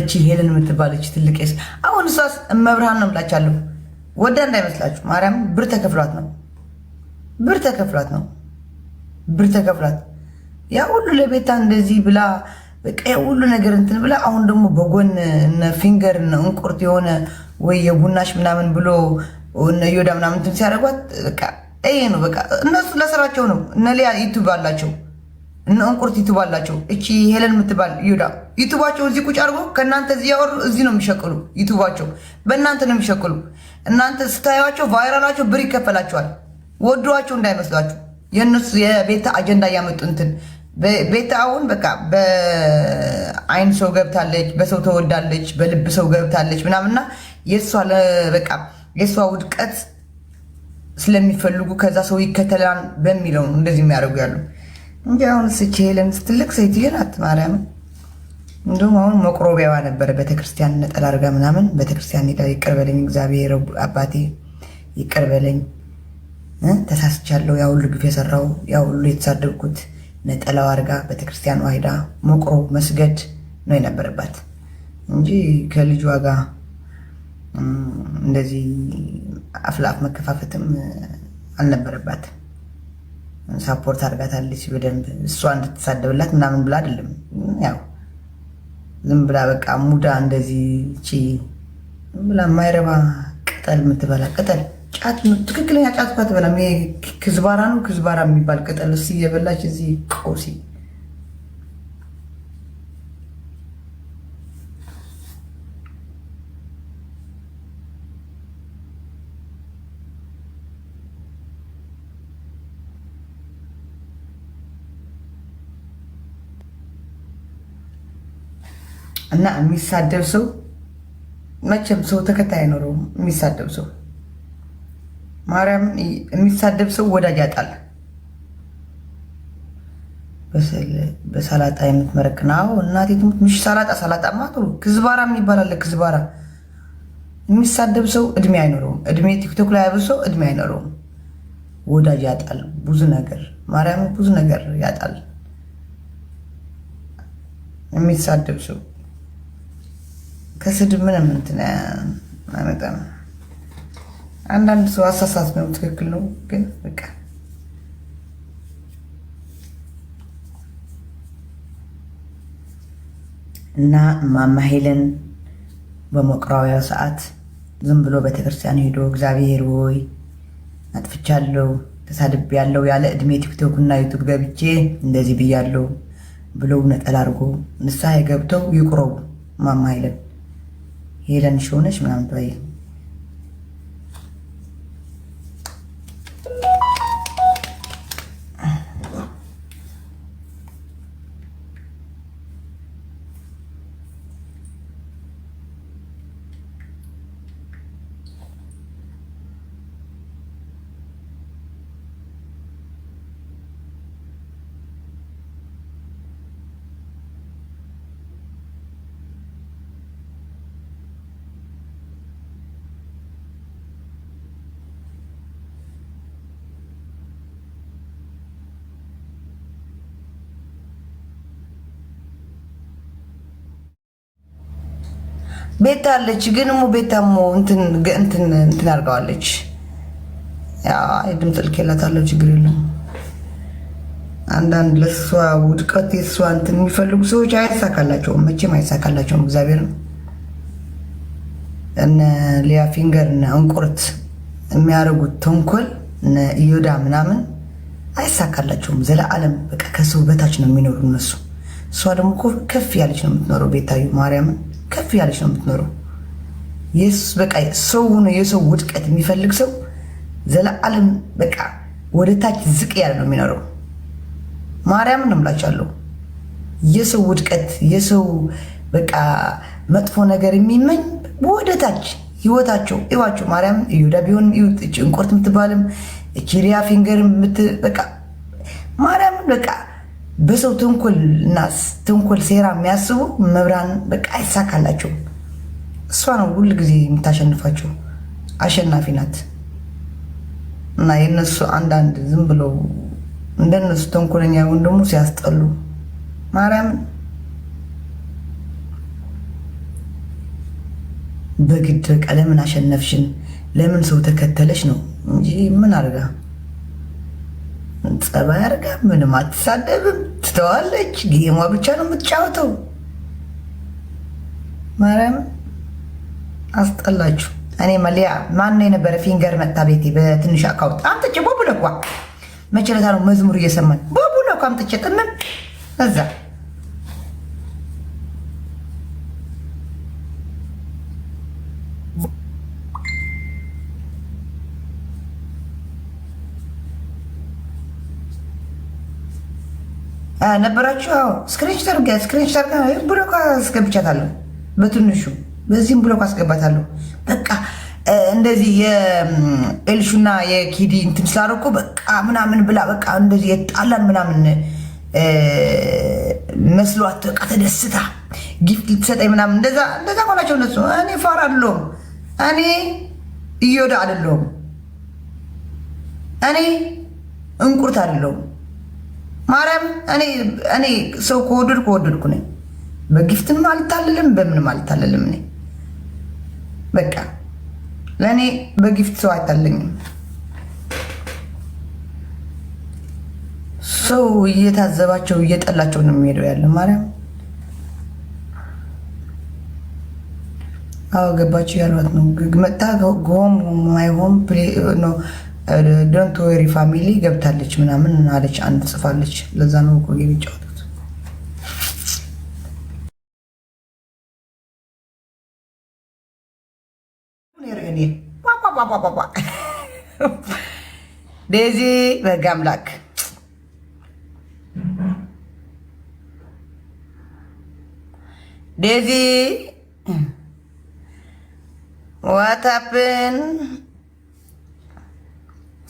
እቺ ሄለን የምትባለች ትልቅ ስ አሁን እሷስ እመብርሃን ነው እምላቻለሁ። ወዳ እንዳይመስላችሁ ማርያም ብር ተከፍሏት ነው ብር ተከፍሏት ነው ብር ተከፍሏት ያ ሁሉ ለቤታ እንደዚህ ብላ በቃ ሁሉ ነገር እንትን ብላ አሁን ደግሞ በጎን እነ ፊንገር እነ እንቁርት የሆነ ወይ የቡናሽ ምናምን ብሎ እነ ዮዳ ምናምን እንትን ሲያደርጓት በቃ ይሄ ነው በቃ እነሱ ለስራቸው ነው። እነ ሊያ ዩቱብ አላቸው፣ እነ እንቁርት ዩቱብ አላቸው። እቺ ሄለን የምትባል ዮዳ ዩቱባቸው እዚህ ቁጭ አድርጎ ከእናንተ እዚህ ያወሩ እዚህ ነው የሚሸቅሉ። ዩቱባቸው በእናንተ ነው የሚሸቅሉ። እናንተ ስታዩቸው ቫይራላቸው ብር ይከፈላቸዋል። ወዷቸው እንዳይመስላችሁ የእነሱ የቤተ አጀንዳ እያመጡ እንትን አሁን በቃ በአይን ሰው ገብታለች፣ በሰው ተወዳለች፣ በልብ ሰው ገብታለች ምናምንና የእሷ በቃ የእሷ ውድቀት ስለሚፈልጉ ከዛ ሰው ይከተላን በሚለው እንደዚህ የሚያደርጉ ያሉ እንጂ አሁን ስቼ ለምስትልቅ ሴትዬ ናት ማርያምን እንዲሁም አሁን መቁረቢያዋ ነበረ ቤተክርስቲያን ነጠላ አድርጋ ምናምን ቤተክርስቲያን ሄዳ ይቅር እግዚአብሔር አባቴ ይቅር ተሳስቻለሁ፣ ያ ሁሉ ግፍ የሰራው ያ ሁሉ የተሳደብኩት ነጠላው አድርጋ ቤተክርስቲያን ሄዳ መቁሮ መስገድ ነው የነበረባት እንጂ ከልጇ ጋር እንደዚህ አፍላፍ መከፋፈትም አልነበረባት። ሳፖርት አድርጋታለች በደንብ እሷ እንድትሳደብላት ምናምን ብላ አይደለም ያው ዝም ብላ በቃ ሙዳ እንደዚህ ቺ ዝም ብላ የማይረባ ቅጠል የምትበላ ቅጠል ጫት፣ ትክክለኛ ጫት እኮ አትበላም። ይሄ ክዝባራ ነው ክዝባራ የሚባል ቅጠል እየበላች እዚህ ቆሲ እና የሚሳደብ ሰው መቼም ሰው ተከታይ አይኖረውም። የሚሳደብ ሰው ማርያም የሚሳደብ ሰው ወዳጅ ያጣል። በሰላጣ የምትመረቅና እናቴ ትሙት ምሽ ሰላጣ ሰላጣ ማጥሩ ክዝባራ የሚባል አለ። ክዝባራ የሚሳደብ ሰው እድሜ አይኖረውም። እድሜ ቲክቶክ ላይ ያብር ሰው እድሜ አይኖረውም። ወዳጅ ያጣል። ብዙ ነገር ማርያም ብዙ ነገር ያጣል የሚሳደብ ሰው ከስድብ ምንም እንትን ነው። አንዳንድ ሰው አሳሳት ነው፣ ትክክል ነው። ግን በቃ እና እማማ ሄለን ሰዓት ዝም ብሎ ቤተክርስቲያን ሄዶ እግዚአብሔር ሆይ አጥፍቻለሁ፣ ተሳድቤ ያለው ያለ እድሜ ቲክቶክና ዩቱብ ገብቼ እንደዚህ ብያለሁ ብለው ነጠል አድርጎ ንስሐ ገብተው ይቁረቡ እማማ ሄደንሽ ሆነሽ ምናምን ቤታ አለች ግን ሙ ቤት ሙ እንትን እንትን እንትን አድርገዋለች። ያ የድምፅ ችግር የለም። አንዳንድ ለእሷ ውድቀት የእሷ እንትን የሚፈልጉ ሰዎች አይሳካላቸውም፣ መቼም አይሳካላቸውም። እግዚአብሔር ነው እነ ሊያ ፊንገር እነ እንቁርት የሚያደርጉት ተንኮል እነ እዮዳ ምናምን አይሳካላቸውም። ዘለዓለም በቃ ከሰው በታች ነው የሚኖሩ እነሱ። እሷ ደግሞ ከፍ ያለች ነው የምትኖረው ቤታዩ ማርያምን ከፍ ያለች ነው የምትኖረው። ኢየሱስ በቃ ሰው ሆኖ የሰው ውድቀት የሚፈልግ ሰው ዘለዓለም በቃ ወደ ታች ዝቅ ያለ ነው የሚኖረው። ማርያምን ነው እምላችኋለሁ። የሰው ውድቀት የሰው በቃ መጥፎ ነገር የሚመኝ ወደ ታች ህይወታቸው እዋቸው ማርያም እዮዳ ቢሆን እንቁርት የምትባልም ኪሪያ ፊንገር በቃ ማርያምን በቃ በሰው ትንኩል እና ትንኩል ሴራ የሚያስቡ መብራን በቃ አይሳካላቸው። እሷ ነው ሁል ጊዜ የምታሸንፋቸው፣ አሸናፊ ናት። እና የነሱ አንዳንድ ዝም ብለው እንደነሱ ተንኮለኛ ወን ደግሞ ሲያስጠሉ ማርያምን በግድ በቃ ለምን አሸነፍሽን፣ ለምን ሰው ተከተለሽ ነው እንጂ ምን አድርጋ ጸባ ያርጋ ምንም አትሳደብም፣ ትተዋለች። ጌሟ ብቻ ነው የምትጫወተው። ማርያም አስጠላችሁ። እኔ መሊያ ማን የነበረ ፊንገር መታ ቤቴ በትንሽ አካውንት አምጥቼ ቦቡለኳ መቸለታ ነው መዝሙር እየሰማን ቦቡለኳ አምጥቼ ጥምም እዛ ነበራችሁ? አዎ። ስክሪንሽተር ስክሪንሽተር ብሎክ አስገብቻታለሁ። በትንሹ በዚህም ብሎክ አስገባታለሁ። በቃ እንደዚህ የኤልሹና የኪዲ እንትን ስላደረኩ በቃ ምናምን ብላ በቃ እንደዚህ የጣላን ምናምን መስሏት በቃ ተደስታ ጊፍት ልትሰጠኝ ምናምን እንደዛ እንደዛ ኳላቸው እነሱ። እኔ ፋራ አይደለሁም። እኔ እዮዳ አይደለሁም። እኔ እንቁርት አይደለሁም። ማርያም እኔ እኔ ሰው ከወደድኩ ወደድኩ ነኝ። በጊፍትም አልታልልም፣ በምንም አልታልልም። እኔ በቃ ለእኔ በጊፍት ሰው አይታለኝም። ሰው እየታዘባቸው እየጠላቸው ነው የሚሄደው ያለ ማርያም አዎ ገባችሁ ያሏት ነው መጣ ጎም ማይሆም ነው ዶንት ወሪ ፋሚሊ ገብታለች ምናምን አለች፣ አንድ ጽፋለች። ለዛ ነው እኮ የሚጫወቱት። ዴዚ በህግ አምላክ ዴዚ ዋታፕን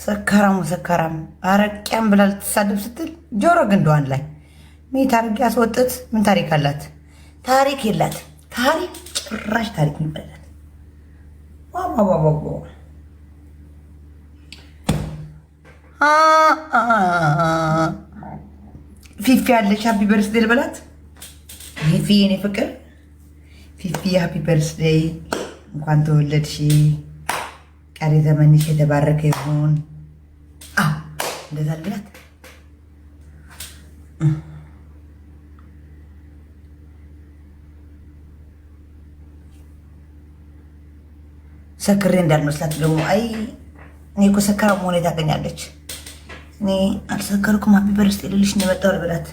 ሰካራሙ ሰካራም አረቂያም ብላ ልትሳደብ ስትል ጆሮ ግንዷን ላይ ሜት ታሪክ ያስወጥት ምን ታሪክ አላት? ታሪክ የላት። ታሪክ ጭራሽ ታሪክ ይበላል። ፊፊ ያለች ሀፒ በርስዴ ልበላት። ፊፊ የኔ ፍቅር ፊፊ ሀፒ በርስዴ፣ እንኳን ተወለድሽ። ቀሪ ዘመንሽ የተባረከ ይሁን። እንደዛ አድርግላት። ሰክሬ እንዳልመስላት ደግሞ አይ እኔ እኮ ሰከራ መሆኔ ታገኛለች። እኔ አልሰከርኩም ሀፒ በርስት የሌለሽ እንደመጣሁ ልበላት።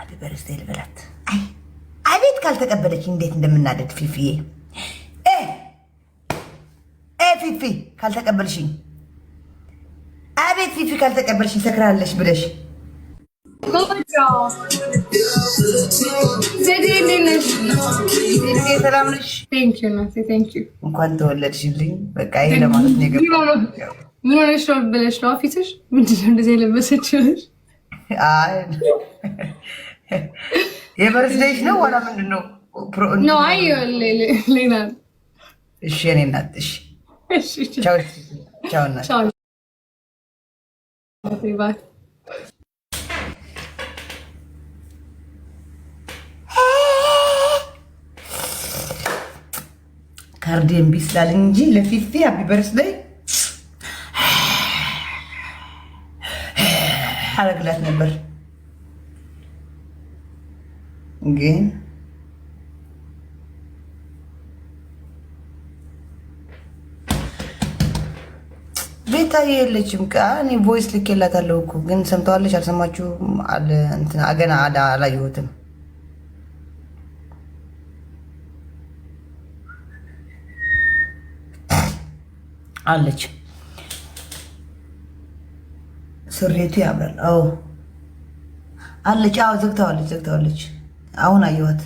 ሀፒ በርስት ልበላት። ካልተቀበለች እንዴት እንደምናደድ ፊፊዬ ፊፊ ካልተቀበልሽኝ፣ አቤት ፊፊ ካልተቀበልሽኝ ሰክራለሽ ብለሽ እንኳን ተወለድሽልኝ። በቃ ይሄ ለማለት ነው የገባሁት። ምን ሆነሽ ነው ብለሽ ነው ፊትሽ ምንድን ነው እንደዚህ የለበሰችሽ? አይ የበርዝዴሽ ነው ዋላ ምንድን ነው? አይ ሌላ እሺ እኔ እናት እሺ፣ ቻው ቻው ካርድ እምቢ ስላል እንጂ ለፊፊ ሃፒ በርዝዴይ አረግላት ነበር። ግን ቤታዬ የለችም። እኔ ቮይስ ልኬላታለሁ እኮ ግን ሰምተዋለች። አልሰማችሁም? ገና አላየሁትም። አለች ስሬቱ ያምራል። አዎ አለች። አዎ ዘግተዋለች፣ ዘግተዋለች አሁን አየኋት።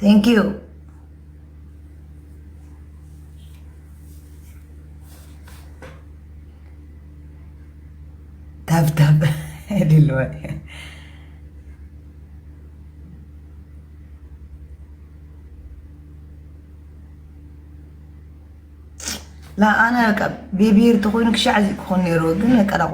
ቴንክ ዩ ታብታብ ሌለዋ ኣነ ቤቢር ተኮይኑ ክሻዕ ክኾን ነይሩ ግን ቀዳቆ